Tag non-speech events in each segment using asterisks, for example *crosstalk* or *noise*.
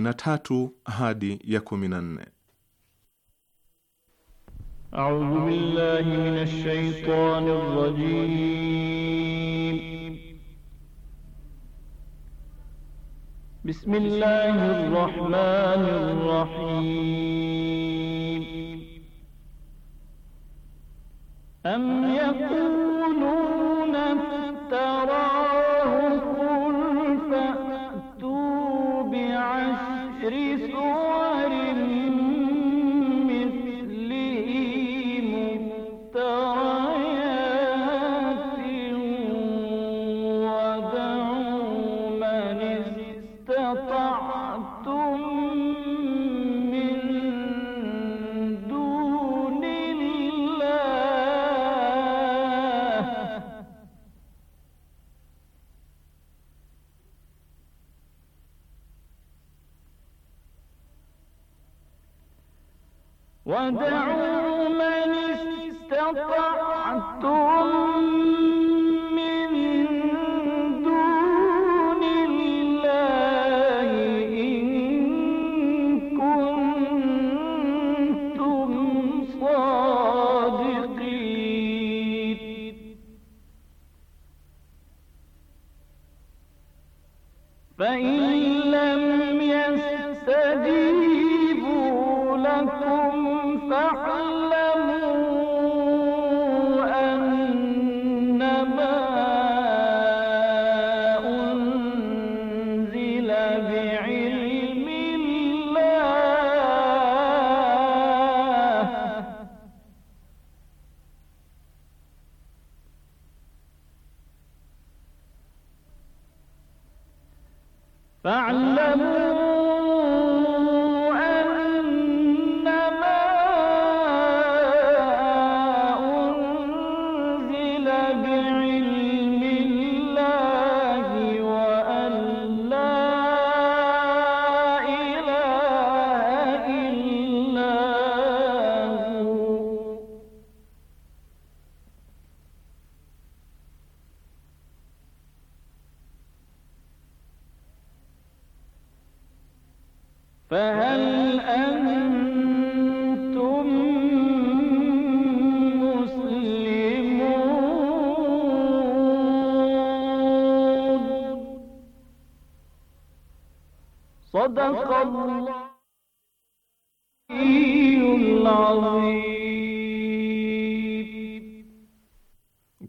13 hadi ya 14. فهل أنتم مسلمون صدق الله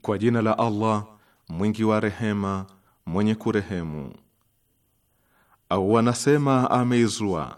Kwa jina la Allah mwingi wa rehema mwenye kurehemu. Au wanasema ameizua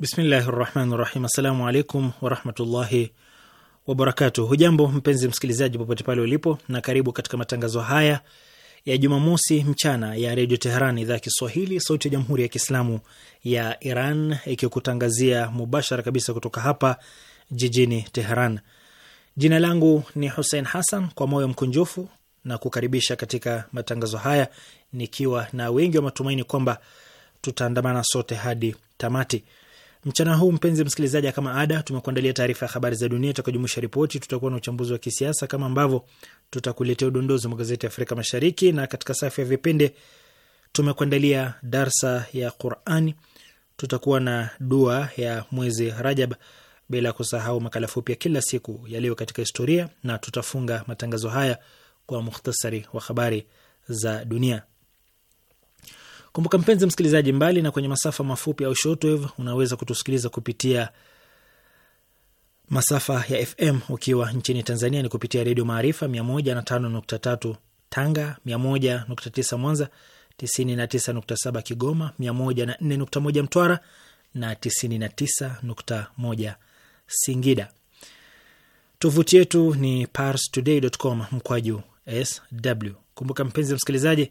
Bismillahi rahmani rahim. Assalamu alaikum warahmatullahi wabarakatu Hujambo mpenzi msikilizaji, popote pale ulipo, na karibu katika matangazo haya ya Jumamosi mchana ya Redio Teheran, idhaa ya Kiswahili, sauti ya Jamhuri ya Kiislamu ya Iran, ikikutangazia mubashara kabisa kutoka hapa jijini Teheran. Jina langu ni Hussein Hassan, kwa moyo mkunjufu na kukaribisha katika matangazo haya nikiwa na wengi wa matumaini kwamba tutaandamana sote hadi tamati. Mchana huu mpenzi msikilizaji, kama ada, tumekuandalia taarifa ya habari za dunia itakajumuisha ripoti, tutakuwa na uchambuzi wa kisiasa kama ambavyo tutakuletea udondozi wa magazeti ya Afrika Mashariki, na katika safu ya vipindi tumekuandalia darsa ya Qurani, tutakuwa na dua ya mwezi Rajab, bila kusahau makala fupi ya kila siku yaliyo katika historia, na tutafunga matangazo haya kwa muhtasari wa habari za dunia. Kumbuka mpenzi msikilizaji, mbali na kwenye masafa mafupi au shortwave, unaweza kutusikiliza kupitia masafa ya FM ukiwa nchini Tanzania ni kupitia Redio Maarifa 105.3 Tanga, 101.9 Mwanza, 99.7 Kigoma, 104.1 Mtwara na 99.1 Singida. Tovuti yetu ni parstoday.com mkwaju sw. Kumbuka mpenzi msikilizaji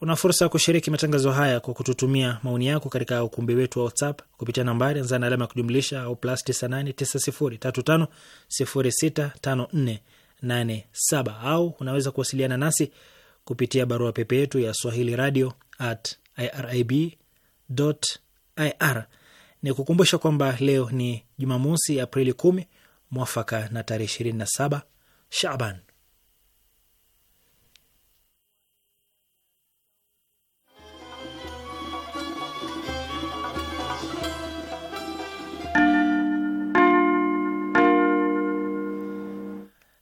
Una fursa ya kushiriki matangazo haya kwa kututumia maoni yako katika ukumbi wetu wa WhatsApp kupitia nambari anza na alama ya kujumlisha au plus 989035065487 au unaweza kuwasiliana nasi kupitia barua pepe yetu ya swahili radio at ir Ni kukumbusha kwamba leo ni Jumamosi, Aprili 10 mwafaka na tarehe 27 Shaban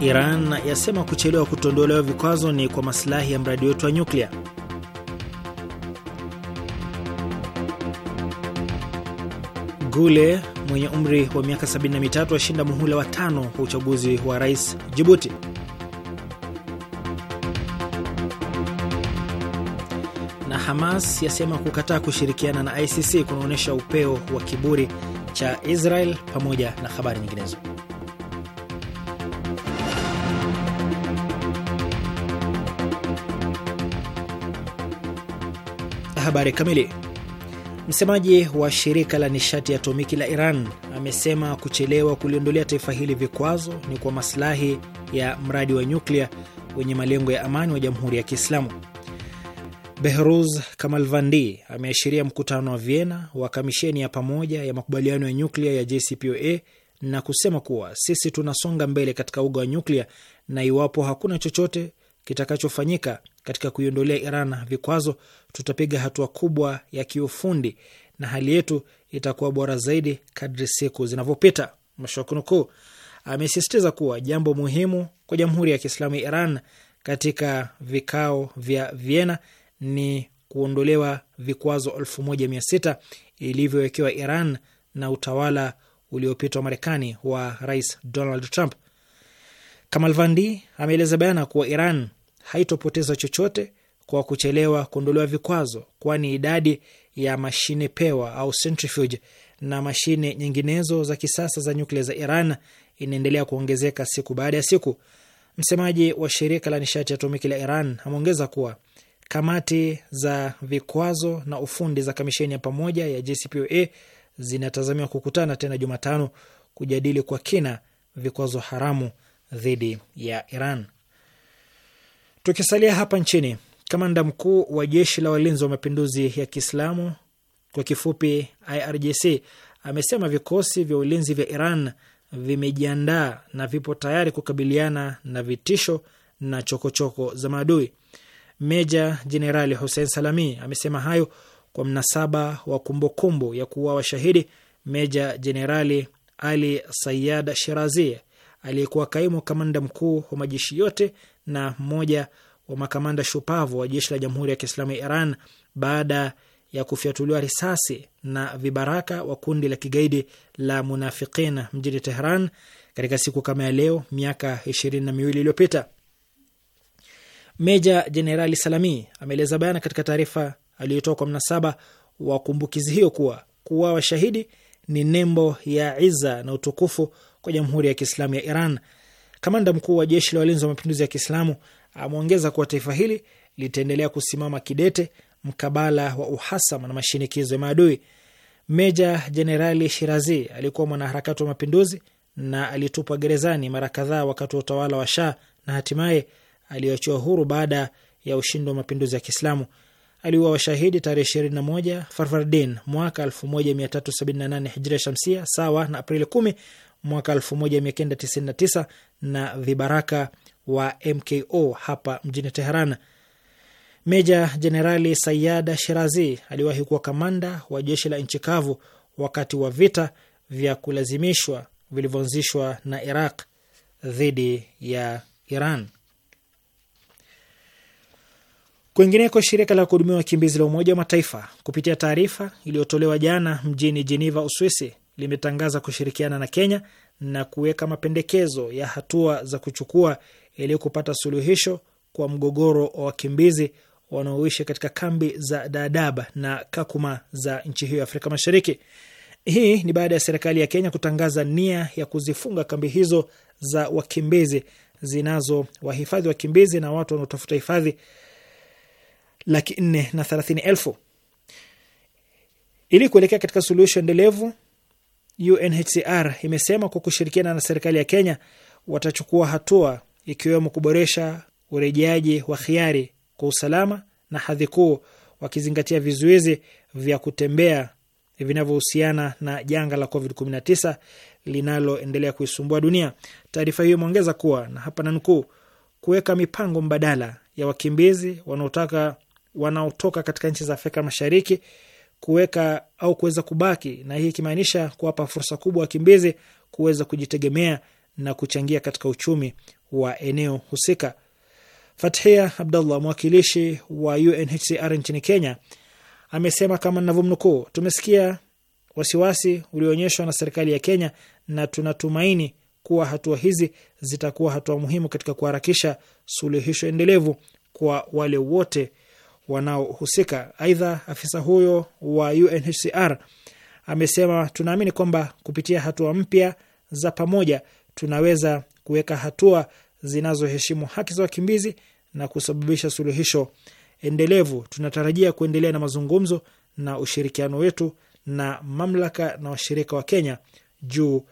Iran yasema kuchelewa kutondolewa vikwazo ni kwa masilahi ya mradi wetu wa nyuklia. Gule mwenye umri wa miaka 73 ashinda muhula wa tano wa uchaguzi wa rais Jibuti. Na Hamas yasema kukataa kushirikiana na ICC kunaonyesha upeo wa kiburi cha Israel, pamoja na habari nyinginezo. Habari kamili. Msemaji wa shirika la nishati ya atomiki la Iran amesema kuchelewa kuliondolea taifa hili vikwazo ni kwa masilahi ya mradi wa nyuklia wenye malengo ya amani wa Jamhuri ya Kiislamu. Behruz Kamalvandi ameashiria mkutano wa Vienna wa kamisheni ya pamoja ya makubaliano ya nyuklia ya JCPOA na kusema kuwa sisi tunasonga mbele katika uga wa nyuklia na iwapo hakuna chochote kitakachofanyika katika kuiondolea Iran vikwazo, tutapiga hatua kubwa ya kiufundi na hali yetu itakuwa bora zaidi kadri siku zinavyopita. Mwisho wa kunukuu. Amesisitiza kuwa jambo muhimu kwa Jamhuri ya Kiislamu ya Iran katika vikao vya Vienna ni kuondolewa vikwazo 16 ilivyowekewa Iran na utawala uliopita wa Marekani wa Rais Donald Trump. Kamalvandi ameeleza bayana kuwa Iran haitopoteza chochote kwa kuchelewa kuondolewa vikwazo, kwani idadi ya mashine pewa au centrifuge na mashine nyinginezo za kisasa za nyuklia za Iran inaendelea kuongezeka siku baada ya siku. Msemaji wa shirika la nishati ya atomiki la Iran ameongeza kuwa kamati za vikwazo na ufundi za kamisheni ya pamoja ya JCPOA zinatazamiwa kukutana tena Jumatano kujadili kwa kina vikwazo haramu dhidi ya Iran. Tukisalia hapa nchini, kamanda mkuu wa jeshi la walinzi wa mapinduzi ya Kiislamu kwa kifupi IRGC amesema vikosi vya ulinzi vya Iran vimejiandaa na vipo tayari kukabiliana na vitisho na chokochoko choko za maadui. Meja Jenerali Hussein Salami amesema hayo kwa mnasaba wa kumbukumbu ya kuuawa shahidi Meja Jenerali Ali Sayad Shirazi aliyekuwa kaimu kamanda mkuu wa majeshi yote na mmoja wa makamanda shupavu wa jeshi la Jamhuri ya Kiislamu ya Iran baada ya kufyatuliwa risasi na vibaraka wa kundi la kigaidi la Munafiqin mjini Tehran katika siku kama ya leo miaka ishirini na miwili iliyopita. Meja Jenerali Salami ameeleza bayana katika taarifa aliyotoa kwa mnasaba wa kumbukizi hiyo kuwa kuwa washahidi ni nembo ya iza na utukufu kwa Jamhuri ya Kiislamu ya Iran Kamanda mkuu wa jeshi la walinzi wa mapinduzi ya Kiislamu ameongeza kuwa taifa hili litaendelea kusimama kidete mkabala wa uhasama na mashinikizo ya maadui. Meja Jenerali Shirazi alikuwa mwanaharakati wa mapinduzi na alitupwa gerezani mara kadhaa wakati wa utawala wa Shah na hatimaye aliachiwa huru baada ya ushindi wa mapinduzi ya Kiislamu. Aliuwa washahidi tarehe 21 Farvardin mwaka 1378 hijria shamsia, sawa na Aprili 10 mwaka 1999 na vibaraka wa MKO hapa mjini Teheran. Meja Jenerali Sayada Shirazi aliwahi kuwa kamanda wa jeshi la nchi kavu wakati wa vita vya kulazimishwa vilivyoanzishwa na Iraq dhidi ya Iran. Kwingineko, shirika la kuhudumia wakimbizi la Umoja wa Mataifa kupitia taarifa iliyotolewa jana mjini Jeneva, Uswisi limetangaza kushirikiana na Kenya na kuweka mapendekezo ya hatua za kuchukua ili kupata suluhisho kwa mgogoro wa wakimbizi wanaoishi katika kambi za Dadaab na Kakuma za nchi hiyo ya Afrika Mashariki. Hii ni baada ya serikali ya Kenya kutangaza nia ya kuzifunga kambi hizo za wakimbizi zinazo wahifadhi wakimbizi na watu wanaotafuta hifadhi laki nne na thelathini elfu ili kuelekea katika suluhisho endelevu UNHCR imesema kwa kushirikiana na serikali ya Kenya watachukua hatua ikiwemo kuboresha urejeaji wa hiari kwa usalama na hadhi kuu, wakizingatia vizuizi vya kutembea vinavyohusiana na janga la COVID-19 linaloendelea kuisumbua dunia. Taarifa hiyo imeongeza kuwa na hapa nanukuu, kuweka mipango mbadala ya wakimbizi wanaotaka wanaotoka katika nchi za Afrika Mashariki kuweka au kuweza kubaki, na hii ikimaanisha kuwapa fursa kubwa wakimbizi kuweza kujitegemea na kuchangia katika uchumi wa eneo husika. Fathia Abdullah, mwakilishi wa UNHCR nchini Kenya, amesema kama ninavyomnukuu, tumesikia wasiwasi ulioonyeshwa na serikali ya Kenya na tunatumaini kuwa hatua hizi zitakuwa hatua muhimu katika kuharakisha suluhisho endelevu kwa wale wote wanaohusika. Aidha, afisa huyo wa UNHCR amesema, tunaamini kwamba kupitia hatua mpya za pamoja tunaweza kuweka hatua zinazoheshimu haki za wakimbizi na kusababisha suluhisho endelevu. Tunatarajia kuendelea na mazungumzo na ushirikiano wetu na mamlaka na washirika wa Kenya juu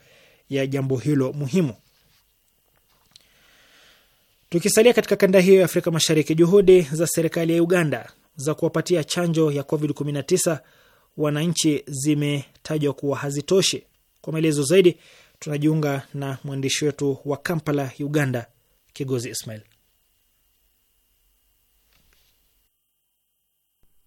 ya jambo hilo muhimu. Tukisalia katika kanda hiyo ya Afrika Mashariki, juhudi za serikali ya Uganda za kuwapatia chanjo ya COVID-19 wananchi zimetajwa kuwa hazitoshi. Kwa maelezo zaidi, tunajiunga na mwandishi wetu wa Kampala, Uganda, Kigozi Ismail.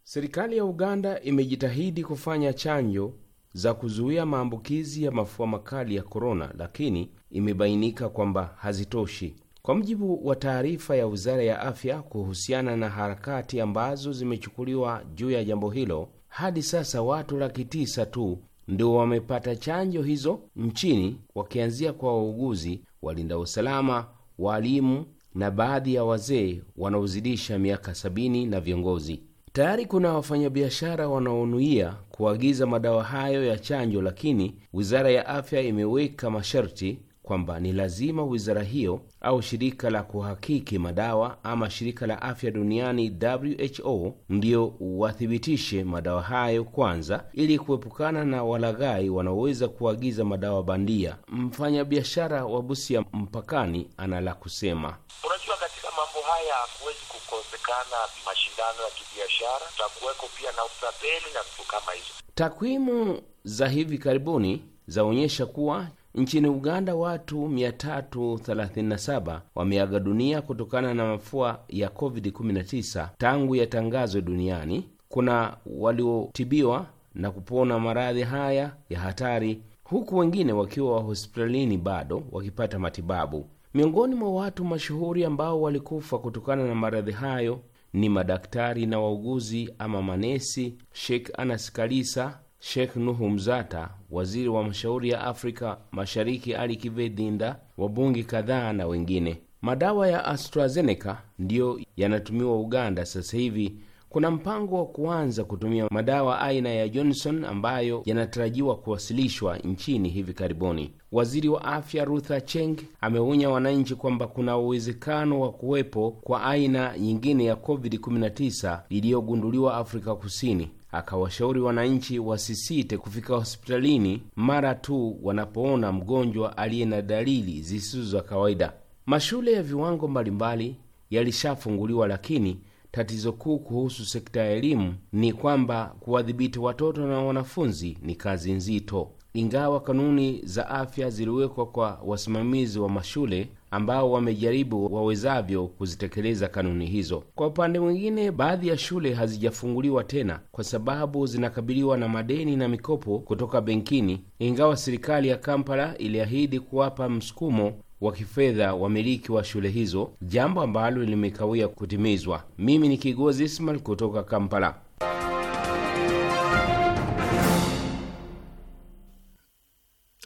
Serikali ya Uganda imejitahidi kufanya chanjo za kuzuia maambukizi ya mafua makali ya korona, lakini imebainika kwamba hazitoshi. Kwa mujibu wa taarifa ya Wizara ya Afya kuhusiana na harakati ambazo zimechukuliwa juu ya jambo hilo, hadi sasa watu laki tisa tu ndio wamepata chanjo hizo nchini, wakianzia kwa wauguzi, walinda usalama, waalimu na baadhi ya wazee wanaozidisha miaka sabini na viongozi. Tayari kuna wafanyabiashara wanaonuia kuagiza madawa hayo ya chanjo, lakini Wizara ya Afya imeweka masharti kwamba ni lazima wizara hiyo au shirika la kuhakiki madawa ama shirika la afya duniani WHO ndiyo wathibitishe madawa hayo kwanza, ili kuepukana na walaghai wanaoweza kuagiza madawa bandia. Mfanyabiashara wa Busia mpakani ana la kusema. Unajua, katika mambo haya hakuwezi kukosekana mashindano ya kibiashara, na kuweko pia na utapeli na vitu kama hizo. Takwimu za hivi karibuni zaonyesha kuwa Nchini Uganda watu 337 wameaga dunia kutokana na mafua ya COVID-19 tangu yatangazwe duniani. Kuna waliotibiwa na kupona maradhi haya ya hatari, huku wengine wakiwa hospitalini bado wakipata matibabu. Miongoni mwa watu mashuhuri ambao walikufa kutokana na maradhi hayo ni madaktari na wauguzi ama manesi. Sheikh Anas Kalisa Sheikh Nuhu Mzata, waziri wa mashauri ya Afrika Mashariki Ali Kivedinda, Dhinda, wabunge kadhaa na wengine. Madawa ya AstraZeneca ndiyo yanatumiwa Uganda sasa hivi. Kuna mpango wa kuanza kutumia madawa aina ya Johnson ambayo yanatarajiwa kuwasilishwa nchini hivi karibuni. Waziri wa afya Ruther cheng ameonya wananchi kwamba kuna uwezekano wa kuwepo kwa aina nyingine ya COVID-19 iliyogunduliwa Afrika Kusini akawashauri wananchi wasisite kufika hospitalini mara tu wanapoona mgonjwa aliye na dalili zisizo za kawaida. Mashule ya viwango mbalimbali yalishafunguliwa, lakini tatizo kuu kuhusu sekta ya elimu ni kwamba kuwadhibiti watoto na wanafunzi ni kazi nzito. Ingawa kanuni za afya ziliwekwa kwa wasimamizi wa mashule, ambao wamejaribu wawezavyo kuzitekeleza kanuni hizo. Kwa upande mwingine, baadhi ya shule hazijafunguliwa tena kwa sababu zinakabiliwa na madeni na mikopo kutoka benkini, ingawa serikali ya Kampala iliahidi kuwapa msukumo wa kifedha wamiliki wa shule hizo, jambo ambalo limekawia kutimizwa. Mimi ni Kigozi Ismail kutoka Kampala.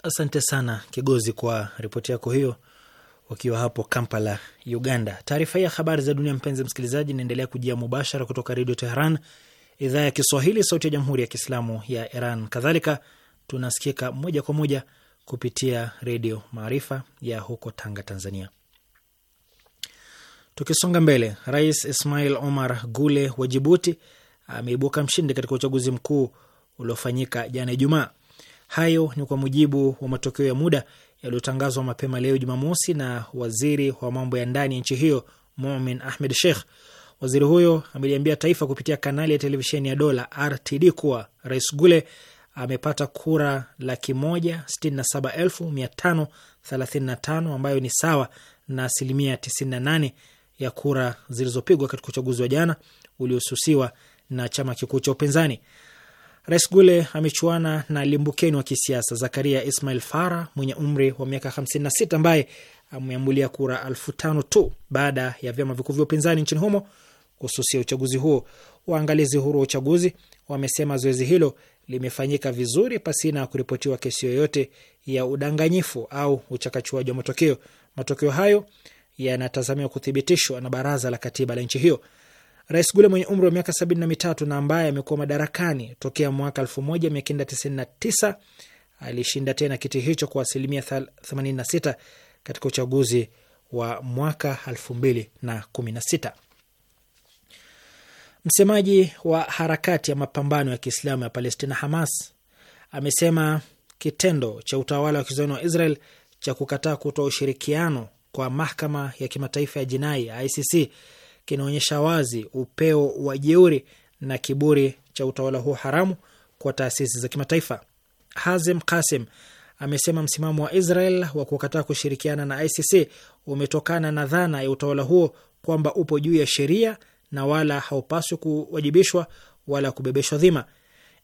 Asante sana Kigozi kwa ripoti yako hiyo wakiwa hapo Kampala, Uganda. Taarifa hii ya habari za dunia, mpenzi msikilizaji, inaendelea kujia mubashara kutoka Redio Teheran, idhaa ya Kiswahili, sauti ya Jamhuri ya Kiislamu ya Iran. Kadhalika tunasikika moja kwa moja kupitia Redio Maarifa ya huko Tanga, Tanzania. Tukisonga mbele, Rais Ismail Omar Gule wa Jibuti ameibuka mshindi katika uchaguzi mkuu uliofanyika jana Ijumaa. Hayo ni kwa mujibu wa matokeo ya muda yaliyotangazwa mapema leo Jumamosi na waziri wa mambo ya ndani ya nchi hiyo Mumin Ahmed Sheikh. Waziri huyo ameliambia taifa kupitia kanali ya televisheni ya dola RTD kuwa Rais Gule amepata kura laki moja sitini na saba elfu mia tano thelathini na tano ambayo ni sawa na asilimia tisini na nane ya kura zilizopigwa katika uchaguzi wa jana uliosusiwa na chama kikuu cha upinzani. Rais Gule amechuana na limbukeni wa kisiasa Zakaria Ismail Fara mwenye umri wa miaka 56 ambaye ameambulia kura elfu tano tu baada ya vyama vikuu vya upinzani nchini humo kususia uchaguzi huo. Waangalizi huru wa uchaguzi wamesema zoezi hilo limefanyika vizuri pasina ya kuripotiwa kesi yoyote ya udanganyifu au uchakachuaji wa matokeo. Matokeo hayo yanatazamiwa kuthibitishwa na baraza la katiba la nchi hiyo. Rais Gule mwenye umri wa miaka sabini na mitatu na ambaye amekuwa madarakani tokea mwaka tisa alishinda tena kiti hicho kwa asilimia 86 katika uchaguzi wa mwaka sita. Msemaji wa harakati ya mapambano ya Kiislamu ya Palestina, Hamas, amesema kitendo cha utawala wa kizayuni wa Israel cha kukataa kutoa ushirikiano kwa mahakama ya kimataifa ya jinai ICC kinaonyesha wazi upeo wa jeuri na kiburi cha utawala huo haramu kwa taasisi za kimataifa. Hazem Kasim amesema msimamo wa Israel wa kukataa kushirikiana na ICC umetokana na dhana ya utawala huo kwamba upo juu ya sheria na wala haupaswi kuwajibishwa wala kubebeshwa dhima.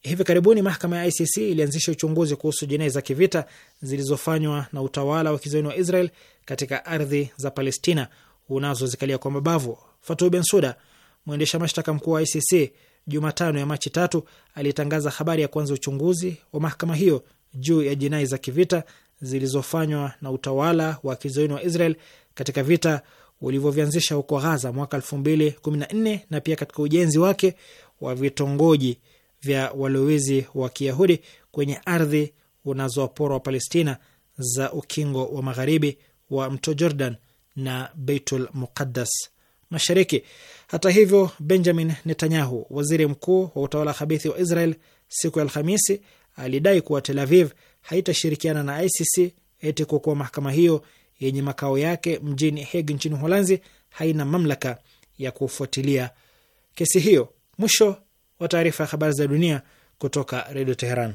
Hivi karibuni mahakama ya ICC ilianzisha uchunguzi kuhusu jinai za kivita zilizofanywa na utawala wa kizayuni wa Israel katika ardhi za Palestina unazozikalia kwa mabavu. Fatou Bensuda, mwendesha mashtaka mkuu wa ICC, Jumatano ya Machi tatu alitangaza habari ya kuanza uchunguzi wa mahakama hiyo juu ya jinai za kivita zilizofanywa na utawala wa kizoeni wa Israel katika vita ulivyovianzisha huko Ghaza mwaka kumi na pia katika ujenzi wake wa vitongoji vya walowezi wa Kiyahudi kwenye ardhi unazowaporwa wa Palestina za ukingo wa magharibi wa mto Jordan na Beitul Muqaddas. Mashariki. Hata hivyo, Benjamin Netanyahu, waziri mkuu wa utawala habithi wa Israel, siku ya Alhamisi alidai kuwa Tel Aviv haitashirikiana na ICC eti kwa kuwa mahakama hiyo yenye makao yake mjini Hague nchini Uholanzi haina mamlaka ya kufuatilia kesi hiyo. Mwisho wa taarifa ya habari za dunia kutoka Redio Teheran.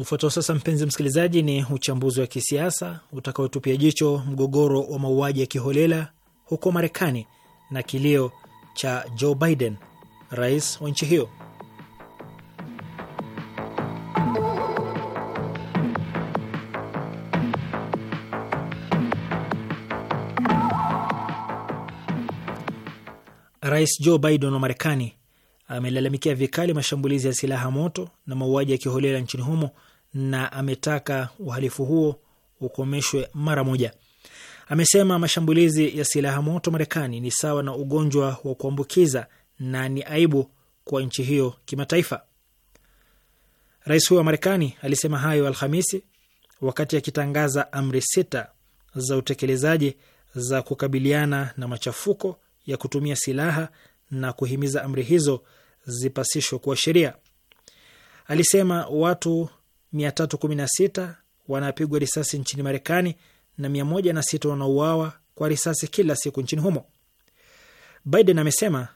Ufuatao sasa, mpenzi msikilizaji, ni uchambuzi wa kisiasa utakaotupia jicho mgogoro wa mauaji ya kiholela huko Marekani na kilio cha Joe Biden, rais wa nchi hiyo. Rais Joe Biden wa Marekani amelalamikia vikali mashambulizi ya silaha moto na mauaji ya kiholela nchini humo na ametaka uhalifu huo ukomeshwe mara moja. Amesema mashambulizi ya silaha moto Marekani ni sawa na ugonjwa wa kuambukiza na ni aibu kwa nchi hiyo kimataifa. Rais huyo wa Marekani alisema hayo Alhamisi wakati akitangaza amri sita za utekelezaji za kukabiliana na machafuko ya kutumia silaha na kuhimiza amri hizo zipasishwe kuwa sheria. Alisema watu 316 wanapigwa risasi nchini Marekani na 106 wanauawa kwa risasi kila siku nchini humo. Biden amesema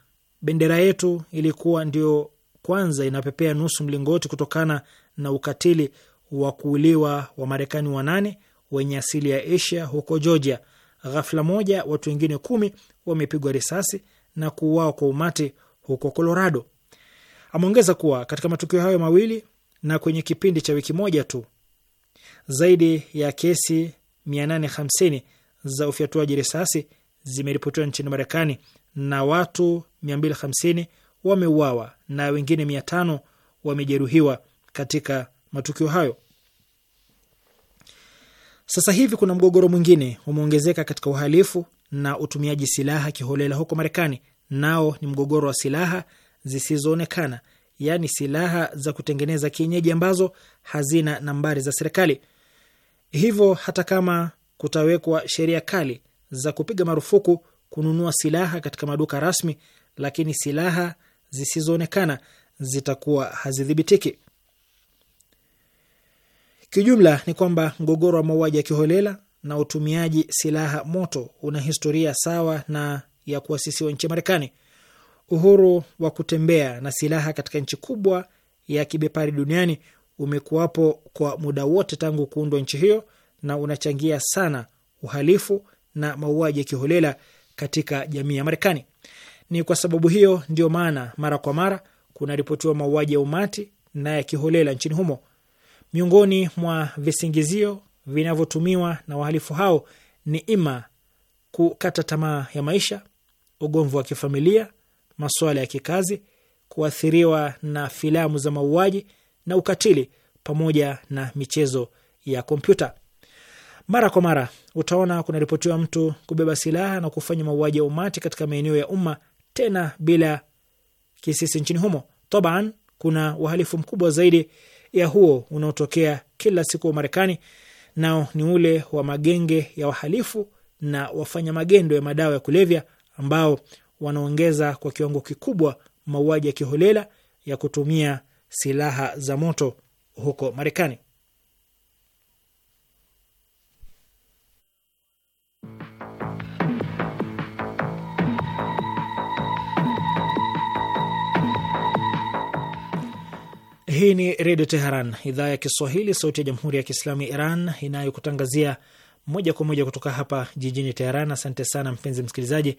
bendera yetu ilikuwa ndio kwanza inapepea nusu mlingoti kutokana na ukatili wa kuuliwa wa Marekani wanane wenye asili ya Asia huko Georgia. Ghafla moja watu wengine kumi wamepigwa risasi na kuuawa kwa umati huko Colorado. Ameongeza kuwa katika matukio hayo mawili na kwenye kipindi cha wiki moja tu zaidi ya kesi 850 za ufyatuaji risasi zimeripotiwa nchini Marekani na watu 250 wameuawa na wengine 500 wamejeruhiwa katika matukio hayo. Sasa hivi kuna mgogoro mwingine umeongezeka katika uhalifu na utumiaji silaha kiholela huko Marekani, nao ni mgogoro wa silaha zisizoonekana, yaani silaha za kutengeneza kienyeji ambazo hazina nambari za serikali. Hivyo hata kama kutawekwa sheria kali za kupiga marufuku kununua silaha katika maduka rasmi, lakini silaha zisizoonekana zitakuwa hazidhibitiki. Kijumla ni kwamba mgogoro wa mauaji ya kiholela na utumiaji silaha moto una historia sawa na ya kuasisiwa nchi Marekani uhuru wa kutembea na silaha katika nchi kubwa ya kibepari duniani umekuwapo kwa muda wote tangu kuundwa nchi hiyo na unachangia sana uhalifu na mauaji ya kiholela katika jamii ya Marekani. Ni kwa sababu hiyo ndio maana mara kwa mara kunaripotiwa mauaji ya umati na ya kiholela nchini humo. Miongoni mwa visingizio vinavyotumiwa na wahalifu hao ni ima kukata tamaa ya maisha, ugomvi wa kifamilia masuala ya kikazi, kuathiriwa na filamu za mauaji na ukatili, pamoja na michezo ya kompyuta. Mara kwa mara utaona kunaripotiwa mtu kubeba silaha na kufanya mauaji ya umati katika maeneo ya umma, tena bila kisisi nchini humo. Taban, kuna uhalifu mkubwa zaidi ya huo unaotokea kila siku wa Marekani, nao ni ule wa magenge ya wahalifu na wafanya magendo ya madawa ya kulevya ambao wanaongeza kwa kiwango kikubwa mauaji ya kiholela ya kutumia silaha za moto huko Marekani. Hii ni Redio Teheran, idhaa ya Kiswahili, sauti ya Jamhuri ya Kiislamu ya Iran inayokutangazia moja kwa moja kutoka hapa jijini Teheran. Asante sana mpenzi msikilizaji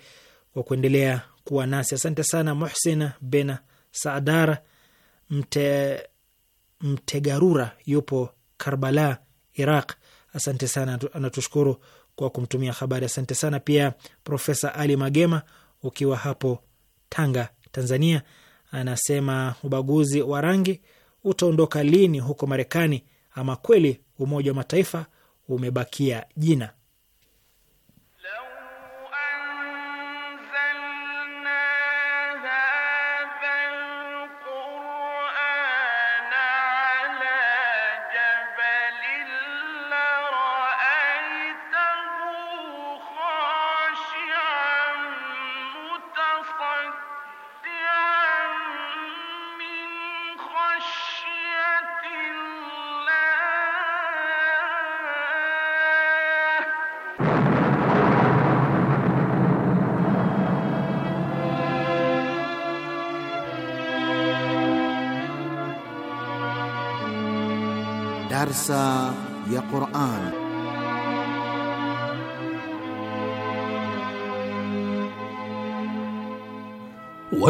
kwa kuendelea kuwa nasi. Asante sana Muhsin Ben Saadar Mte, Mtegarura yupo Karbala, Iraq. Asante sana, anatushukuru kwa kumtumia habari. Asante sana pia Profesa Ali Magema ukiwa hapo Tanga, Tanzania, anasema ubaguzi wa rangi utaondoka lini huko Marekani? Ama kweli Umoja wa Mataifa umebakia jina.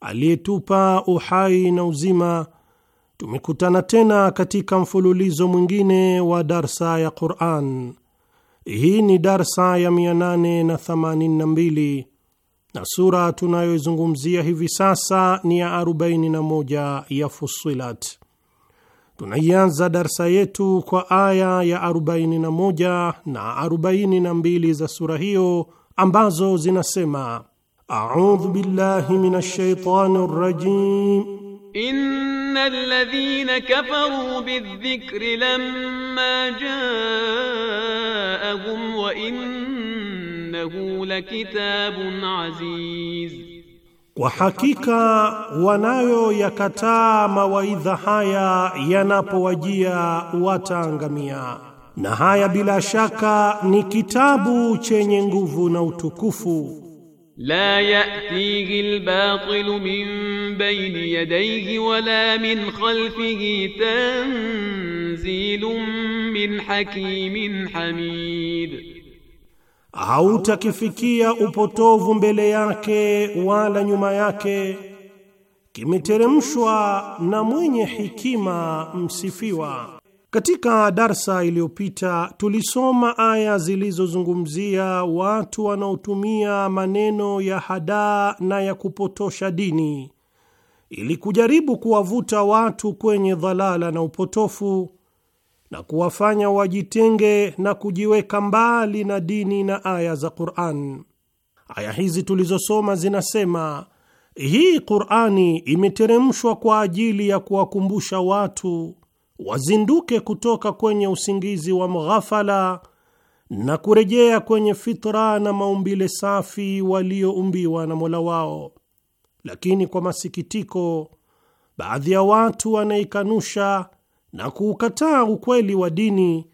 aliyetupa uhai na uzima, tumekutana tena katika mfululizo mwingine wa darsa ya Quran. Hii ni darsa ya 882 na sura tunayoizungumzia hivi sasa ni ya 41 ya Fussilat. Tunaianza darsa yetu kwa aya ya 41 na 42 za sura hiyo ambazo zinasema أعوذ بالله من الشيطان الرجيم إن الذين كفروا بالذكر لما جاءهم وإنه لكتاب عزيز Kwa hakika wanayoyakataa mawaidha haya yanapowajia wataangamia, na haya bila shaka ni kitabu chenye nguvu na utukufu la يأتيه الباطل من بين يديه ولا من خلفه تنزيل min hakimin hamid, hautakifikia upotovu mbele yake wala nyuma yake, kimeteremshwa na mwenye hikima msifiwa. Katika darsa iliyopita tulisoma aya zilizozungumzia watu wanaotumia maneno ya hadaa na ya kupotosha dini ili kujaribu kuwavuta watu kwenye dhalala na upotofu na kuwafanya wajitenge na kujiweka mbali na dini na aya za Qur'an. Aya hizi tulizosoma zinasema hii Qur'ani imeteremshwa kwa ajili ya kuwakumbusha watu wazinduke kutoka kwenye usingizi wa mghafala na kurejea kwenye fitra na maumbile safi walioumbiwa na Mola wao. Lakini kwa masikitiko, baadhi ya watu wanaikanusha na kuukataa ukweli wa dini,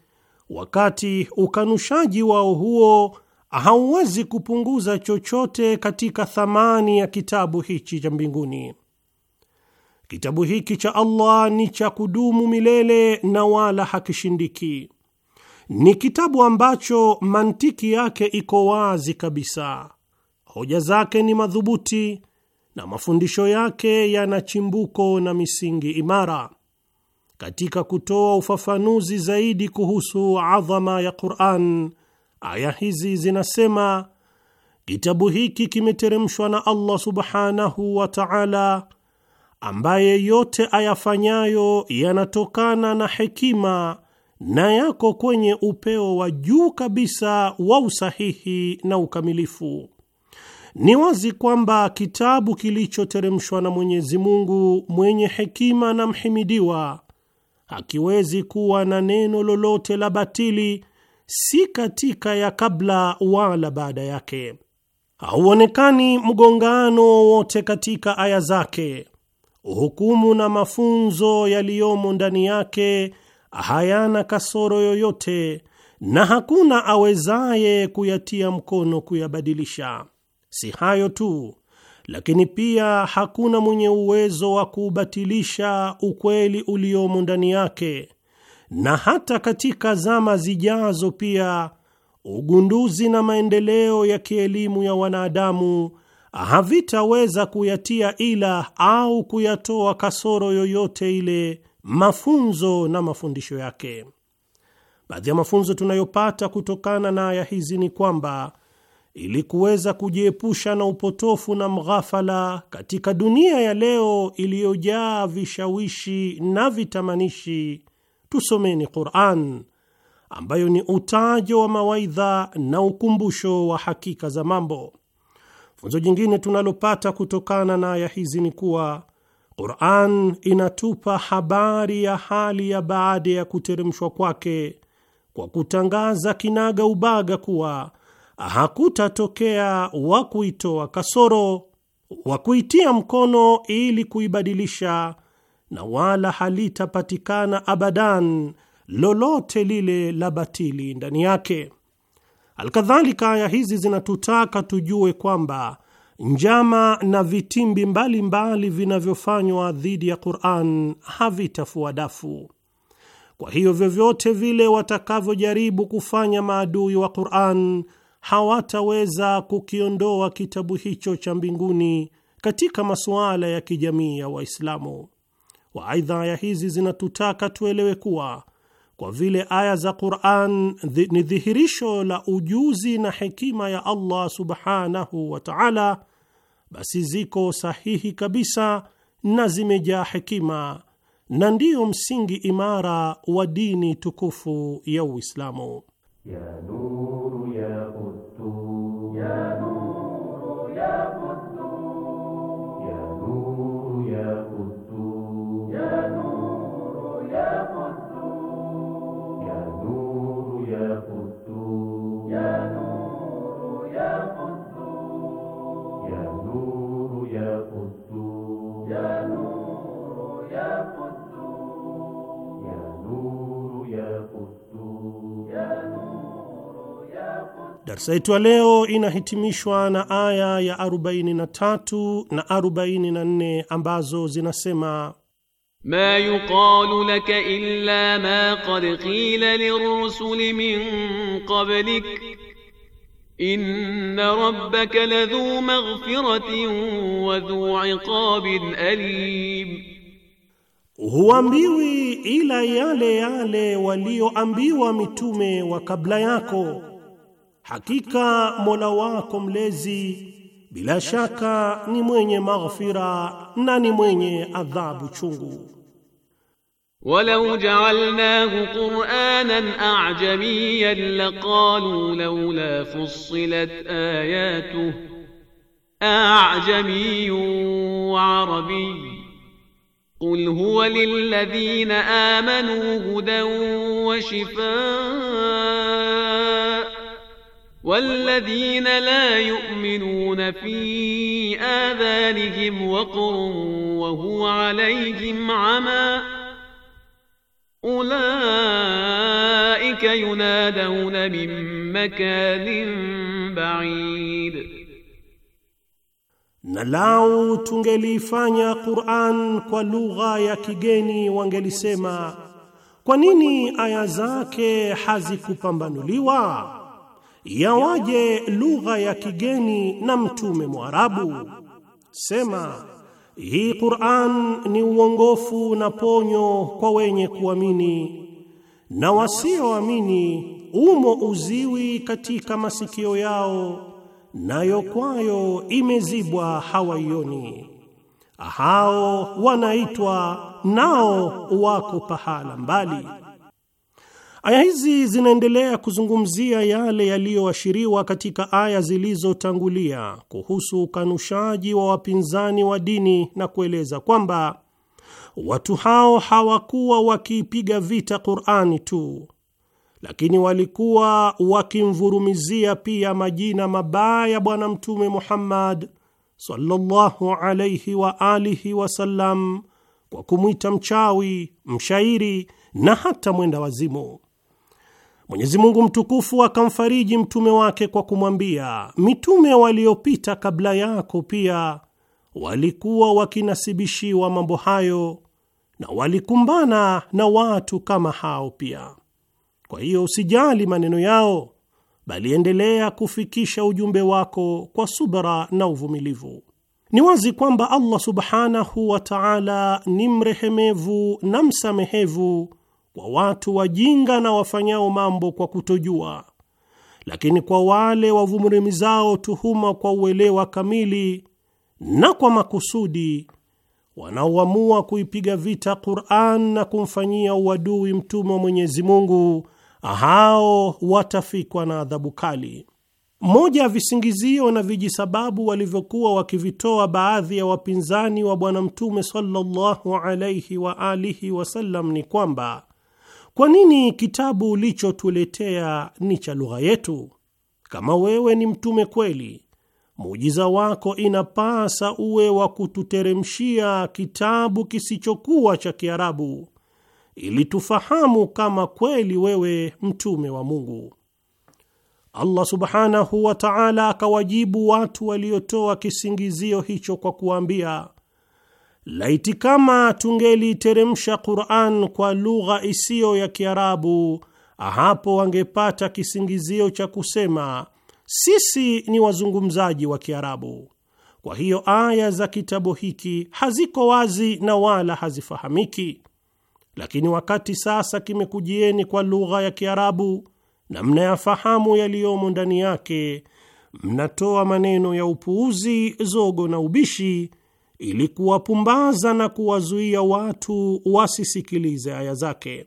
wakati ukanushaji wao huo hauwezi kupunguza chochote katika thamani ya kitabu hichi cha mbinguni. Kitabu hiki cha Allah ni cha kudumu milele na wala hakishindiki. Ni kitabu ambacho mantiki yake iko wazi kabisa, hoja zake ni madhubuti na mafundisho yake yana chimbuko na misingi imara. Katika kutoa ufafanuzi zaidi kuhusu adhama ya Qur'an, aya hizi zinasema kitabu hiki kimeteremshwa na Allah subhanahu wa ta'ala ambaye yote ayafanyayo yanatokana na hekima na yako kwenye upeo wa juu kabisa wa usahihi na ukamilifu. Ni wazi kwamba kitabu kilichoteremshwa na Mwenyezi Mungu mwenye hekima na mhimidiwa hakiwezi kuwa na neno lolote la batili, si katika ya kabla wala baada yake. Hauonekani mgongano wowote katika aya zake hukumu na mafunzo yaliyomo ndani yake hayana kasoro yoyote na hakuna awezaye kuyatia mkono kuyabadilisha. Si hayo tu, lakini pia hakuna mwenye uwezo wa kuubatilisha ukweli uliomo ndani yake, na hata katika zama zijazo pia ugunduzi na maendeleo ya kielimu ya wanadamu havitaweza kuyatia ila au kuyatoa kasoro yoyote ile mafunzo na mafundisho yake. Baadhi ya mafunzo tunayopata kutokana na aya hizi ni kwamba ili kuweza kujiepusha na upotofu na mghafala katika dunia ya leo iliyojaa vishawishi na vitamanishi, tusomeni Qur'an ambayo ni utajo wa mawaidha na ukumbusho wa hakika za mambo. Funzo jingine tunalopata kutokana na aya hizi ni kuwa Qur'an inatupa habari ya hali ya baada ya kuteremshwa kwake kwa kutangaza kinaga ubaga kuwa hakutatokea wa kuitoa kasoro, wa kuitia mkono ili kuibadilisha, na wala halitapatikana abadan lolote lile la batili ndani yake. Alkadhalika, aya hizi zinatutaka tujue kwamba njama na vitimbi mbalimbali vinavyofanywa dhidi ya Qur'an havitafua dafu. Kwa hiyo, vyovyote vile watakavyojaribu kufanya maadui wa Qur'an, hawataweza kukiondoa kitabu hicho cha mbinguni katika masuala ya kijamii ya Waislamu. Waaidha, aya hizi zinatutaka tuelewe kuwa kwa vile aya za Qur'an ni dhihirisho la ujuzi na hekima ya Allah subhanahu wa ta'ala, basi ziko sahihi kabisa na zimejaa hekima na ndiyo msingi imara wa dini tukufu ya Uislamu ya nuru ya kutu, ya nuru ya kutu, ya nuru ya kutu, ya Darsa yetu ya leo inahitimishwa na aya ya 43 na 44 ambazo zinasema ما يقال لك الا ما قد قيل للرسل من قبلك ان ربك لذو مغفره وذو عقاب اليم huambiwi ila yale yale walioambiwa mitume wa kabla yako hakika mola wako mlezi بلا shaka ni mwenye maghfira na ni mwenye adhabu ولو جعلناه قرآنا أعجميا لقالوا لولا فصلت آياته أعجمي وعربي قل هو للذين آمنوا هدى وشفاء والذين لا يؤمنون في آذانهم وقر وهو عليهم عمى أولئك ينادون من مكان بعيد na lau tungelifanya Qur'an kwa lugha ya kigeni wangelisema kwa nini aya zake hazikupambanuliwa yawaje lugha ya kigeni na mtume Mwarabu? Sema, hii Qur'an ni uongofu na ponyo kwa wenye kuamini, na wasioamini umo uziwi katika masikio yao, nayo kwayo imezibwa hawaioni. Hao wanaitwa nao wako pahala mbali. Aya hizi zinaendelea kuzungumzia yale yaliyoashiriwa katika aya zilizotangulia kuhusu ukanushaji wa wapinzani wa dini na kueleza kwamba watu hao hawakuwa wakiipiga vita Qur'ani tu, lakini walikuwa wakimvurumizia pia majina mabaya Bwana Mtume Muhammad sallallahu alayhi wa alihi wasallam kwa kumwita mchawi, mshairi na hata mwenda wazimu. Mwenyezi Mungu mtukufu akamfariji mtume wake kwa kumwambia, mitume waliopita kabla yako pia walikuwa wakinasibishiwa mambo hayo na walikumbana na watu kama hao pia. Kwa hiyo usijali maneno yao, bali endelea kufikisha ujumbe wako kwa subra na uvumilivu. Ni wazi kwamba Allah subhanahu wa ta'ala ni mrehemevu na msamehevu kwa watu wajinga na wafanyao mambo kwa kutojua, lakini kwa wale wavumrimizao tuhuma kwa uelewa kamili na kwa makusudi, wanaoamua kuipiga vita Qur'an na kumfanyia uadui mtume wa Mwenyezi Mungu, hao watafikwa na adhabu kali. Moja ya visingizio na vijisababu walivyokuwa wakivitoa baadhi ya wapinzani wa Bwana Mtume sallallahu alaihi wa alihi wasallam ni kwamba kwa nini kitabu ulichotuletea ni cha lugha yetu? Kama wewe ni mtume kweli, muujiza wako inapasa uwe wa kututeremshia kitabu kisichokuwa cha Kiarabu ili tufahamu kama kweli wewe mtume wa Mungu. Allah subhanahu wa ta'ala akawajibu watu waliotoa kisingizio hicho kwa kuambia Laiti kama tungeliteremsha Qur'an kwa lugha isiyo ya Kiarabu, hapo wangepata kisingizio cha kusema sisi ni wazungumzaji wa Kiarabu. Kwa hiyo aya za kitabu hiki haziko wazi na wala hazifahamiki. Lakini wakati sasa kimekujieni kwa lugha ya Kiarabu na mnayafahamu yaliyomo ndani yake, mnatoa maneno ya upuuzi, zogo na ubishi ili kuwapumbaza na kuwazuia watu wasisikilize aya zake.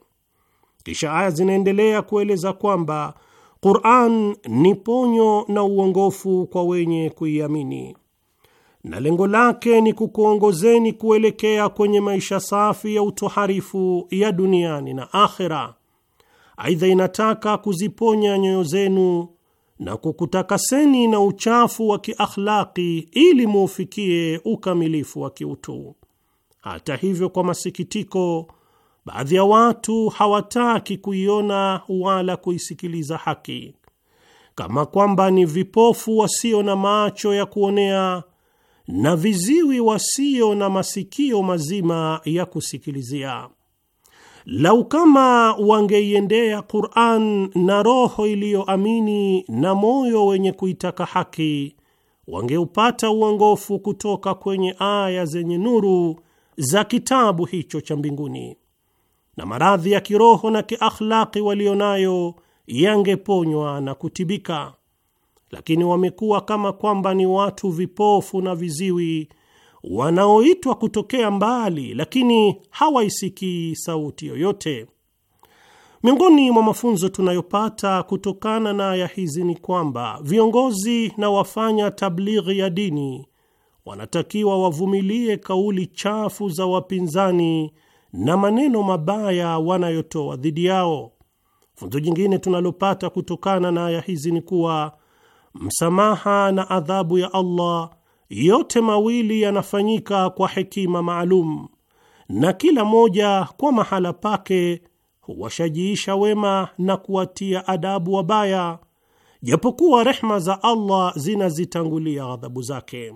Kisha aya zinaendelea kueleza kwamba Qur'an ni ponyo na uongofu kwa wenye kuiamini na lengo lake ni kukuongozeni kuelekea kwenye maisha safi ya utoharifu ya duniani na akhera. Aidha, inataka kuziponya nyoyo zenu na kukutakaseni na uchafu wa kiakhlaki ili muufikie ukamilifu wa kiutu. Hata hivyo, kwa masikitiko, baadhi ya watu hawataki kuiona wala kuisikiliza haki, kama kwamba ni vipofu wasio na macho ya kuonea na viziwi wasio na masikio mazima ya kusikilizia. Lau kama wangeiendea Qur'an na roho iliyoamini na moyo wenye kuitaka haki, wangeupata uongofu kutoka kwenye aya zenye nuru za kitabu hicho cha mbinguni, na maradhi ya kiroho na kiakhlaki walionayo yangeponywa na kutibika, lakini wamekuwa kama kwamba ni watu vipofu na viziwi wanaoitwa kutokea mbali, lakini hawaisikii sauti yoyote. Miongoni mwa mafunzo tunayopata kutokana na aya hizi ni kwamba viongozi na wafanya tablighi ya dini wanatakiwa wavumilie kauli chafu za wapinzani na maneno mabaya wanayotoa dhidi yao. Funzo jingine tunalopata kutokana na aya hizi ni kuwa msamaha na adhabu ya Allah yote mawili yanafanyika kwa hekima maalum, na kila moja kwa mahala pake huwashajiisha wema na kuwatia adabu wabaya, japokuwa rehma za Allah zinazitangulia ghadhabu zake.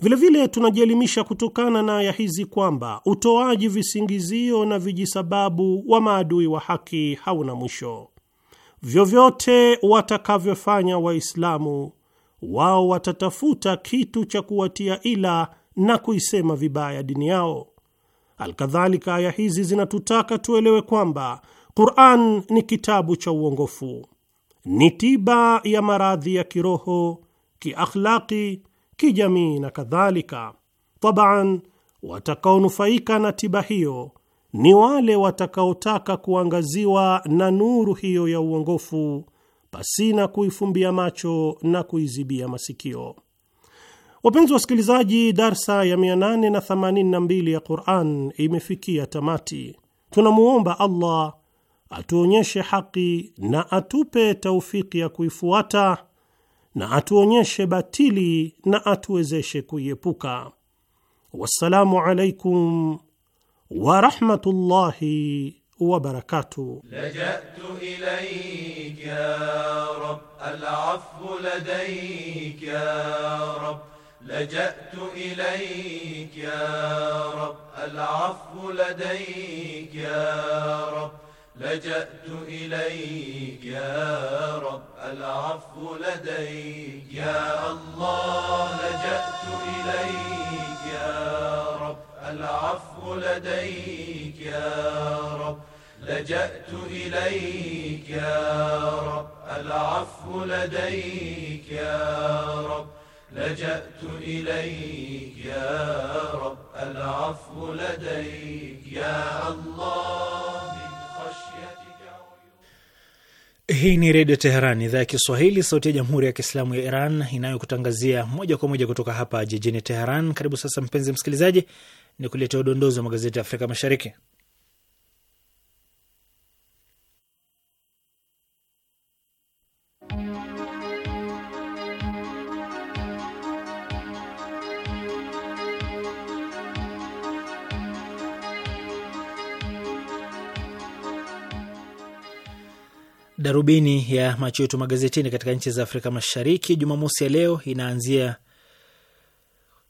Vilevile tunajielimisha kutokana na aya hizi kwamba utoaji visingizio na vijisababu wa maadui wa haki hauna mwisho. Vyovyote watakavyofanya Waislamu wao watatafuta kitu cha kuwatia ila na kuisema vibaya dini yao. Alkadhalika, aya hizi zinatutaka tuelewe kwamba Qur'an ni kitabu cha uongofu, ni tiba ya maradhi ya kiroho, kiakhlaki, kijamii na kadhalika. Taban, watakaonufaika na tiba hiyo ni wale watakaotaka kuangaziwa na nuru hiyo ya uongofu pasina kuifumbia macho na kuizibia masikio. Wapenzi wasikilizaji, darsa ya 882 ya Quran imefikia tamati. Tunamwomba Allah atuonyeshe haki na atupe taufiki ya kuifuata na atuonyeshe batili na atuwezeshe kuiepuka. Wassalamu alaikum warahmatullahi وبركاته لجأت إليك يا رب العفو لديك يا رب لجأت إليك يا رب العفو لديك يا رب لجأت إليك يا رب العفو لديك يا الله لجأت إليك يا رب العفو لديك يا رب لجأت إليك يا رب العفو لديك يا رب لجأت إليك يا رب العفو لديك يا الله Hii ni Redio Teheran, idhaa ya Kiswahili, sauti ya Jamhuri ya Kiislamu ya Iran, inayokutangazia moja kwa moja kutoka hapa jijini Teheran. Karibu sasa, mpenzi msikilizaji, ni kuletea udondozi wa magazeti ya Afrika Mashariki. Darubini ya macho yetu magazetini katika nchi za Afrika Mashariki Jumamosi ya leo inaanzia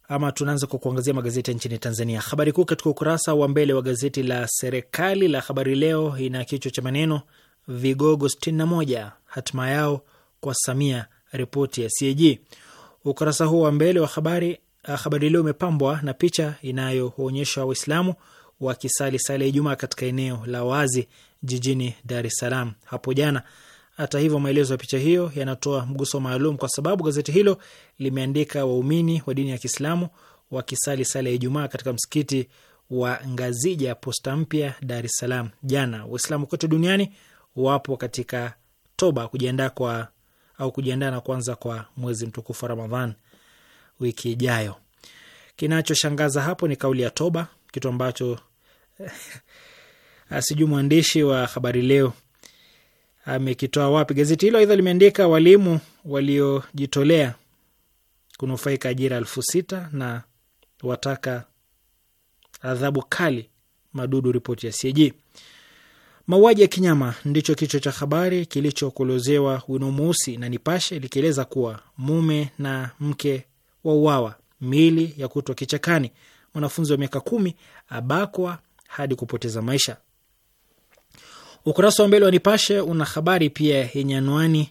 ama tunaanza kwa kuangazia magazeti ya nchini Tanzania. Habari kuu katika ukurasa wa mbele wa gazeti la serikali la Habari Leo ina kichwa cha maneno vigogo 61 hatima yao kwa Samia, ripoti ya CAG. Ukurasa huo wa mbele wa habari uh, Habari Leo umepambwa na picha inayoonyesha Waislamu wakisali sala ya Ijumaa katika eneo la wazi jijini Dar es Salaam hapo jana. Hata hivyo, maelezo ya picha hiyo yanatoa mguso maalum kwa sababu gazeti hilo limeandika waumini wa dini ya Kiislamu wakisali sala ya Ijumaa katika msikiti wa Ngazija, Posta Mpya, Dar es Salaam jana. Waislamu kote duniani wapo katika toba kujiandaa kwa au kujiandaa na kuanza kwa mwezi mtukufu wa Ramadhan wiki ijayo. Kinachoshangaza hapo ni kauli ya toba, kitu ambacho *laughs* Ah, sijui mwandishi wa Habari Leo amekitoa wapi gazeti hilo. Aidha limeandika walimu waliojitolea kunufaika ajira elfu sita na wataka adhabu kali madudu, ripoti ya CAG. Mauaji ya kinyama ndicho kichwa cha habari kilichokolozewa wino mweusi na Nipashe likieleza kuwa mume na mke wauawa, miili ya kutwa kichakani, mwanafunzi wa miaka kumi abakwa hadi kupoteza maisha. Ukurasa wa mbele wa Nipashe una habari pia yenye anwani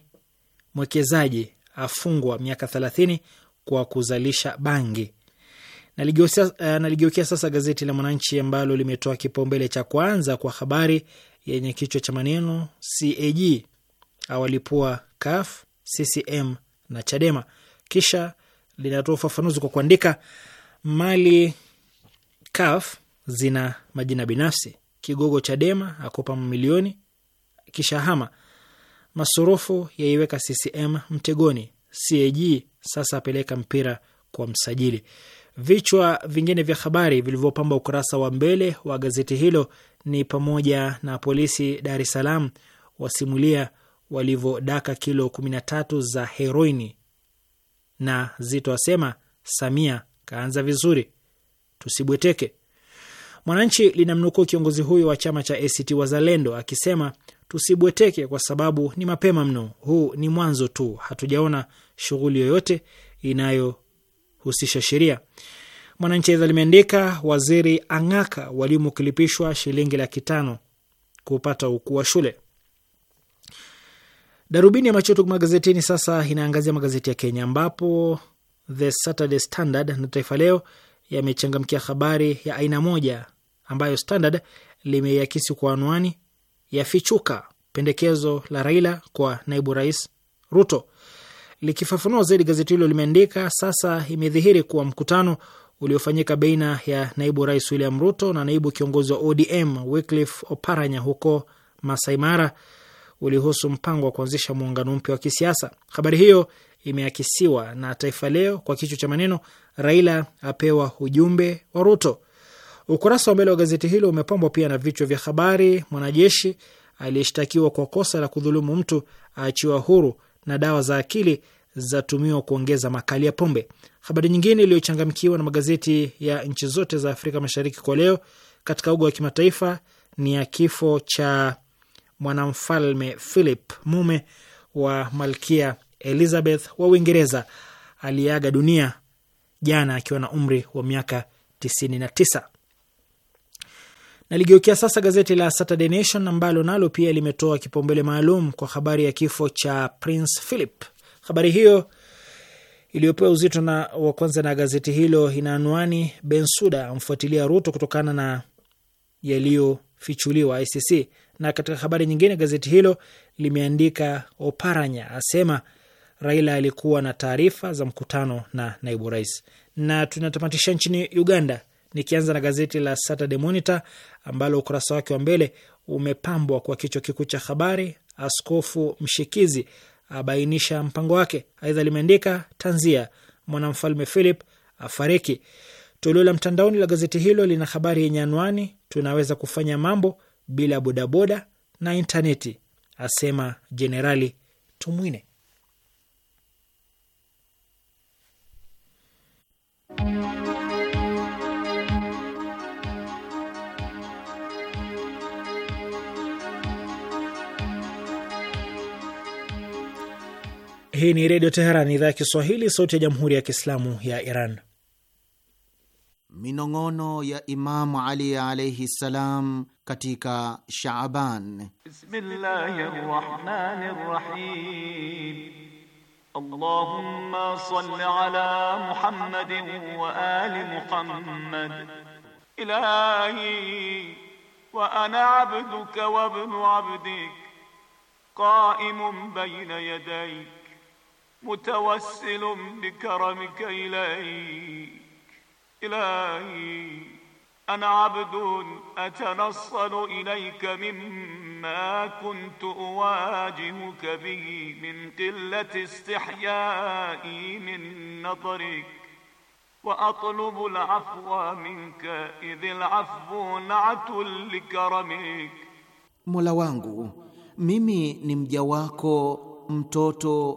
mwekezaji afungwa miaka thelathini kwa kuzalisha bangi. Eh, naligeukia sasa gazeti la Mwananchi ambalo limetoa kipaumbele cha kwanza kwa habari yenye kichwa cha maneno CAG awalipua caf CCM na Chadema, kisha linatoa ufafanuzi kwa kuandika mali CUF zina majina binafsi Kigogo Chadema akopa mamilioni kisha hama. Masorofu yaiweka CCM mtegoni. CAG sasa apeleka mpira kwa msajili. Vichwa vingine vya habari vilivyopamba ukurasa wa mbele wa gazeti hilo ni pamoja na polisi Dar es Salaam wasimulia walivyodaka kilo tatu za heroini, na Zito asema Samia kaanza vizuri, tusibweteke. Mwananchi linamnukuu kiongozi huyo wa chama cha ACT Wazalendo akisema tusibweteke, kwa sababu ni mapema mno, huu ni mwanzo tu, hatujaona shughuli yoyote inayohusisha sheria. Mwananchi aidha limeandika waziri ang'aka walimu kilipishwa shilingi laki tano kupata ukuu wa shule. Darubini ya machoto magazetini sasa inaangazia magazeti ya Kenya, ambapo The Saturday Standard na Taifa Leo yamechangamkia habari ya aina moja ambayo Standard limeiakisi kwa anwani ya fichuka pendekezo la Raila kwa naibu rais Ruto. Likifafanua zaidi, gazeti hilo limeandika sasa imedhihiri kuwa mkutano uliofanyika baina ya naibu rais William Ruto na naibu kiongozi wa ODM Wycliffe Oparanya huko Masai Mara ulihusu mpango wa kuanzisha muungano mpya wa kisiasa. Habari hiyo imeakisiwa na Taifa Leo kwa kichwa cha maneno Raila apewa ujumbe wa Ruto. Ukurasa wa mbele wa gazeti hilo umepambwa pia na vichwa vya habari: mwanajeshi aliyeshtakiwa kwa kosa la kudhulumu mtu aachiwa huru, na dawa za akili zatumiwa kuongeza makali ya pombe. Habari nyingine iliyochangamkiwa na magazeti ya nchi zote za Afrika Mashariki kwa leo katika uga wa kimataifa ni ya kifo cha mwanamfalme Philip, mume wa malkia Elizabeth wa Uingereza, aliyeaga dunia jana akiwa na umri wa miaka 99. Naligeukia sasa gazeti la Saturday Nation ambalo nalo pia limetoa kipaumbele maalum kwa habari ya kifo cha Prince Philip. Habari hiyo iliyopewa uzito na wa kwanza na gazeti hilo ina anwani Bensuda amfuatilia Ruto kutokana na yaliyofichuliwa ICC. Na katika habari nyingine, gazeti hilo limeandika Oparanya asema Raila alikuwa na taarifa za mkutano na naibu rais. Na tunatamatisha nchini Uganda nikianza na gazeti la Saturday Monitor ambalo ukurasa wake wa mbele umepambwa kwa kichwa kikuu cha habari, askofu mshikizi abainisha mpango wake. Aidha limeandika tanzia, mwanamfalme Philip afariki. Toleo la mtandaoni la gazeti hilo lina habari yenye anwani, tunaweza kufanya mambo bila bodaboda na intaneti, asema Jenerali Tumwine. Hii ni Redio Teheran, idhaa ya Kiswahili, sauti ya Jamhuri ya Kiislamu ya Iran. Minong'ono ya Imamu Ali alaihi salam katika Shaaban. Allahumma salli ala Muhammadin wa ali Muhammad. Ilahi wa ana abduka wa ibnu abdik qaimun bayna yadayk mutawassilun bikaramika ilaik ilahi ana abdun atanassalu ilaika mimma kuntu uwajihuka bihi min qillati istihyai min nadrik wa atlubu alafwa minka idh alafwu na'tun likaramik, Mola wangu mimi ni mja wako mtoto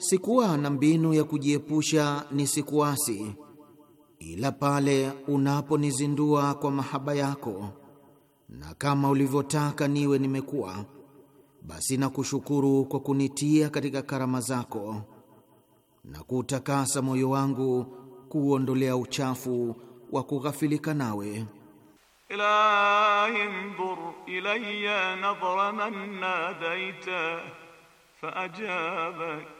sikuwa na mbinu ya kujiepusha nisikuasi, ila pale unaponizindua kwa mahaba yako, na kama ulivyotaka niwe nimekuwa, basi nakushukuru kwa kunitia katika karama zako na kuutakasa moyo wangu kuuondolea uchafu wa kughafilika nawe. Ilahi ndur ilayya nadhra man nadaita faajabak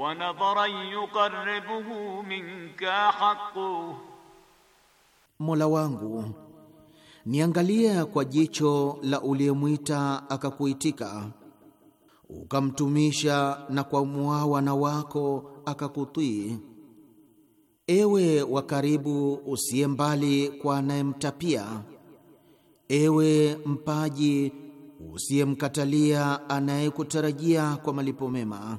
ونظرا يقربه منك حقه Mola wangu niangalia kwa jicho la uliyemwita akakuitika, ukamtumisha na kwa muawana wako akakutii, ewe wa karibu usiye mbali kwa anayemtapia, ewe mpaji usiyemkatalia anayekutarajia kwa malipo mema.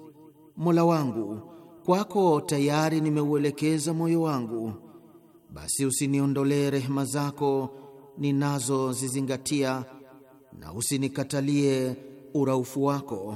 Mola wangu, kwako tayari nimeuelekeza moyo wangu, basi usiniondolee rehema zako ninazozizingatia, na usinikatalie uraufu wako.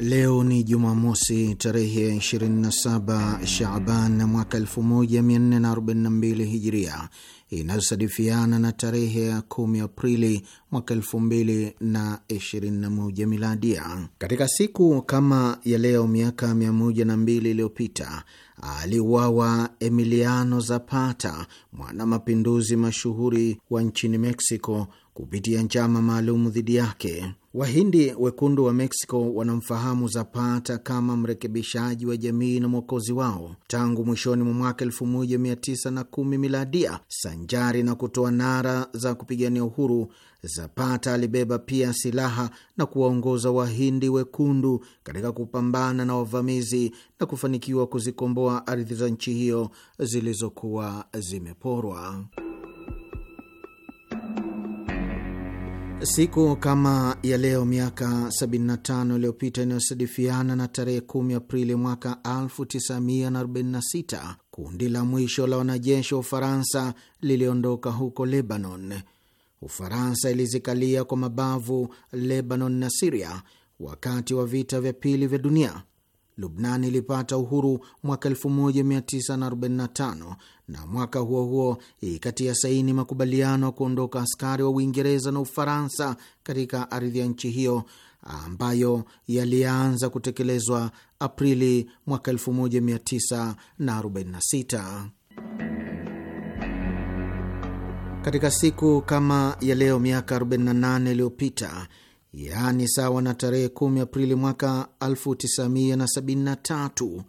Leo ni Jumamosi, tarehe ya 27 Shaban mwaka 1442 Hijiria, inayosadifiana na tarehe ya 10 Aprili mwaka 2021 Miladia. Katika siku kama ya leo miaka 102 iliyopita aliuawa Emiliano Zapata, mwana mapinduzi mashuhuri wa nchini Mexico kupitia njama maalum dhidi yake. Wahindi wekundu wa Meksiko wanamfahamu Zapata kama mrekebishaji wa jamii na mwokozi wao tangu mwishoni mwa mwaka 1910 miladia. Sanjari na kutoa nara za kupigania uhuru, Zapata alibeba pia silaha na kuwaongoza Wahindi wekundu katika kupambana na wavamizi na kufanikiwa kuzikomboa ardhi za nchi hiyo zilizokuwa zimeporwa. Siku kama ya leo miaka 75 iliyopita inayosadifiana na tarehe 10 Aprili mwaka 1946 kundi la mwisho la wanajeshi wa Ufaransa liliondoka huko Lebanon. Ufaransa ilizikalia kwa mabavu Lebanon na Siria wakati wa vita vya pili vya dunia. Lubnan ilipata uhuru mwaka 1945 na mwaka huo huo ikatia saini makubaliano ya kuondoka askari wa Uingereza na Ufaransa katika ardhi ya nchi hiyo ambayo yalianza kutekelezwa Aprili mwaka 1946. Katika siku kama ya leo miaka 48 iliyopita yaani sawa na tarehe 10 Aprili mwaka 1973,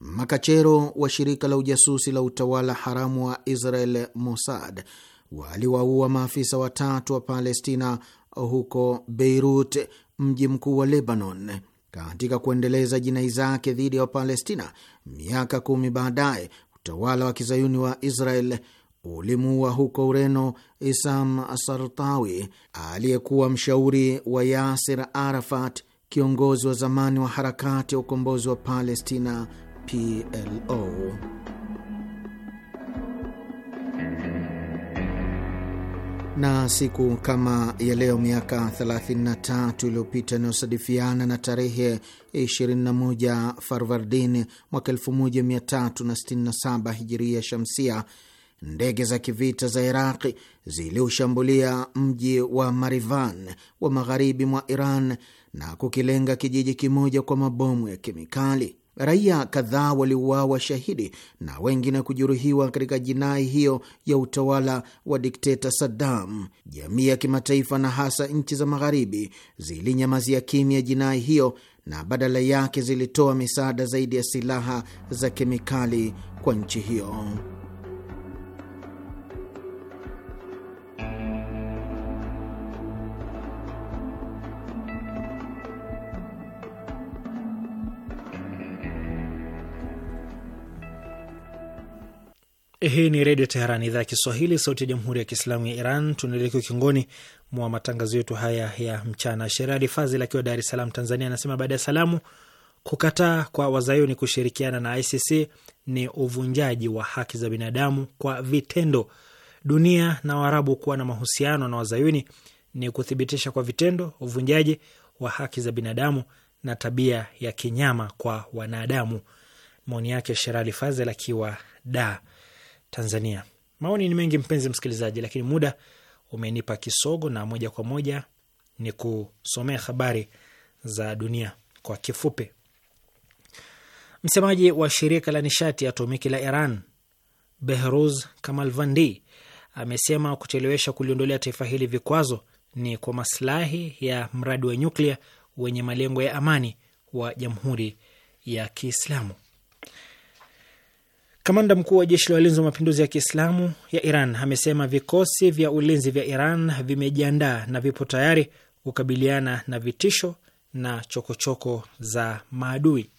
makachero wa shirika la ujasusi la utawala haramu wa Israel Mossad waliwaua maafisa watatu wa Palestina huko Beirut, mji mkuu wa Lebanon. Katika kuendeleza jinai zake dhidi ya Wapalestina miaka kumi baadaye, utawala wa kizayuni wa Israel ulimuua huko Ureno Isam Sartawi aliyekuwa mshauri wa Yasir Arafat, kiongozi wa zamani wa harakati ya ukombozi wa Palestina PLO. Na siku kama ya leo miaka 33 iliyopita inayosadifiana na tarehe 21 Farvardin mwaka 1367 hijiria shamsia ndege za kivita za Iraqi ziliushambulia mji wa Marivan wa magharibi mwa Iran na kukilenga kijiji kimoja kwa mabomu ya kemikali. Raia kadhaa waliuawa shahidi na wengine kujeruhiwa katika jinai hiyo ya utawala wa dikteta Saddam. Jamii ya kimataifa na hasa nchi za magharibi zilinyamazia kimya jinai hiyo na badala yake zilitoa misaada zaidi ya silaha za kemikali kwa nchi hiyo. Hii ni Redio Teheran, idhaa ya Kiswahili, sauti ya Jamhuri ya Kiislamu ya Iran. Tunaelekea ukingoni mwa matangazo yetu haya ya mchana. Sherali Fazil akiwa Dar es Salaam, Tanzania, anasema baada ya salamu, kukataa kwa wazayuni kushirikiana na ICC ni uvunjaji wa haki za binadamu kwa vitendo. Dunia na Waarabu kuwa na mahusiano na wazayuni ni kuthibitisha kwa vitendo uvunjaji wa haki za binadamu na tabia ya kinyama kwa wanadamu. Maoni yake Sherali Fazel akiwa da Tanzania. Maoni ni mengi mpenzi msikilizaji, lakini muda umenipa kisogo, na moja kwa moja ni kusomea habari za dunia kwa kifupi. Msemaji wa shirika la nishati ya atomiki la Iran Behruz Kamalvandi amesema kuchelewesha kuliondolea taifa hili vikwazo ni kwa maslahi ya mradi wa nyuklia wenye malengo ya amani wa Jamhuri ya Kiislamu. Kamanda mkuu wa jeshi la walinzi wa mapinduzi ya Kiislamu ya Iran amesema vikosi vya ulinzi vya Iran vimejiandaa na vipo tayari kukabiliana na vitisho na chokochoko choko za maadui.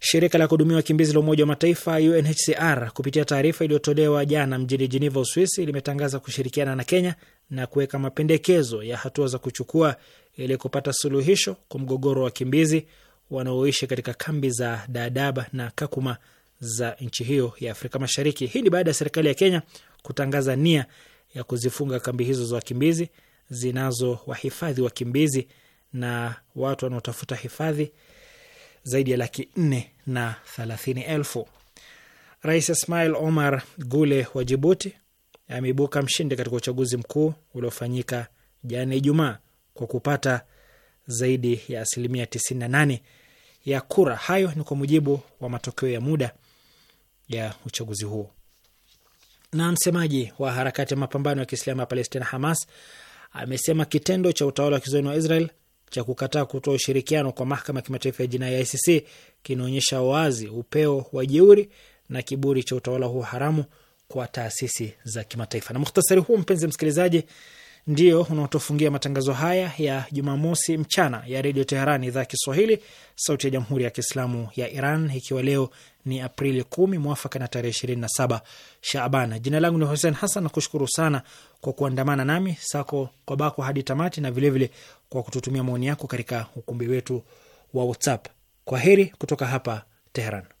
Shirika la kuhudumia wakimbizi la Umoja wa Mataifa UNHCR kupitia taarifa iliyotolewa jana mjini Geneva, Uswisi, limetangaza kushirikiana na Kenya na kuweka mapendekezo ya hatua za kuchukua ili kupata suluhisho kwa mgogoro wa wakimbizi wanaoishi katika kambi za Dadaab na Kakuma za nchi hiyo ya Afrika Mashariki. Hii ni baada ya serikali ya Kenya kutangaza nia ya kuzifunga kambi hizo za wakimbizi zinazo wahifadhi wakimbizi na watu wanaotafuta hifadhi zaidi ya laki nne na thelathini elfu. Rais Ismail Omar Gule wa Jibuti ameibuka mshindi katika uchaguzi mkuu uliofanyika jana Ijumaa kwa kupata zaidi ya asilimia nane ya kura. Hayo ni kwa mujibu wa matokeo ya muda ya uchaguzi huo. Na msemaji wa harakati ya mapambano ya Kiislamu ya Palestina, Hamas, amesema kitendo cha utawala wa kizoni wa Israel cha kukataa kutoa ushirikiano kwa mahakama ya kimataifa ya jinai ya ICC kinaonyesha wazi upeo wa jeuri na kiburi cha utawala huo haramu kwa taasisi za kimataifa. Na mukhtasari huu, mpenzi msikilizaji, ndio unaotufungia matangazo haya ya Jumamosi mchana ya Redio Teherani, idhaa Kiswahili, sauti ya Jamhuri ya Kiislamu ya Iran, ikiwa leo ni Aprili 1 mwafaka na tarehe 27 na Jina langu ni Hussein Hassan na kushukuru sana kwa kuandamana nami sako kwa bako hadi tamati, na vilevile vile kwa kututumia maoni yako katika ukumbi wetu wa WhatsApp. Kwa heri kutoka hapa Teheran.